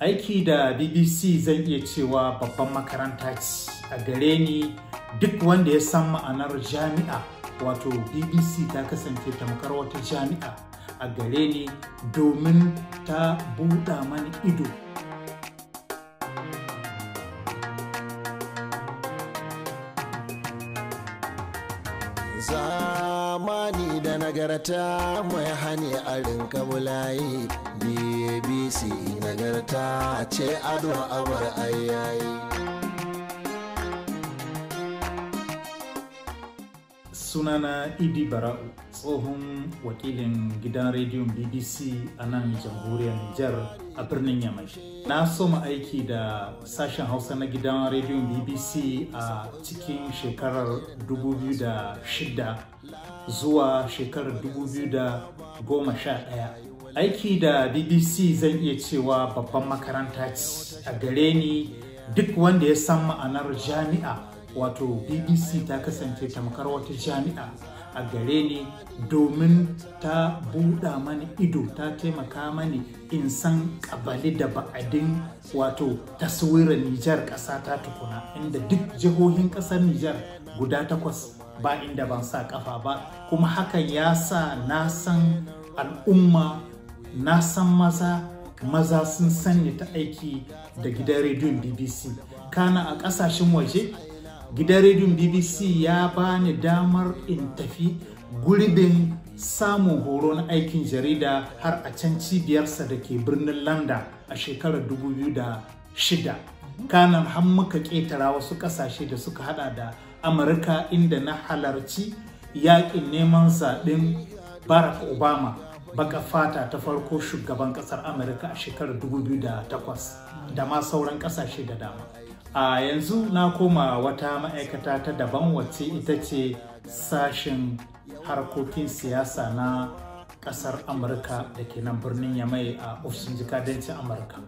aiki da bbc zan iya cewa babban makaranta ce a gare ni duk wanda ya san ma'anar jami'a wato bbc ta kasance tamkar wata jami'a a gare ni domin ta buɗa mani ido Zara. zamani da nagarta mai hane a rinka bulaye bbc nagarta ce ado abar ayayi sunana idi bara'u tsohon wakilin gidan rediyon bbc a nan jamhuriyar nijar a birnin yamai na soma aiki da sashen hausa na gidan rediyon bbc a cikin shekarar 2006 zuwa shekarar 2011 aiki da bbc zan iya cewa babban makaranta ce a gare ni duk wanda ya san ma'anar jami'a wato bbc ta kasance tamkar wata jami'a a gare ni domin ta buɗa mani ido ta taimaka mani in san ƙabali da ba'adin wato taswirar Nijar ƙasa ta tukuna inda duk jihohin ƙasar Nijar guda takwas ba inda ban sa ƙafa ba kuma hakan ya sa na san al'umma na san maza maza sun sanya ta aiki da gidan rediyon bbc kana a ƙasashen waje gidan rediyon bbc ya bani damar in tafi gurbin samun horo na aikin jarida har a can cibiyarsa da ke birnin landa a shekarar 2006 kanan har muka ƙetara wasu ƙasashe da suka hada da amurka inda na halarci yaƙin neman zaɓen barack obama baka fata ta farko shugaban ƙasar amurka a shekarar 2008 da ma sauran ƙasashe da dama a yanzu na koma wata ma'aikata ta daban wacce ita ce sashen harkokin siyasa na kasar amurka da ke nan birnin yamai a ofishin jikadancin amurka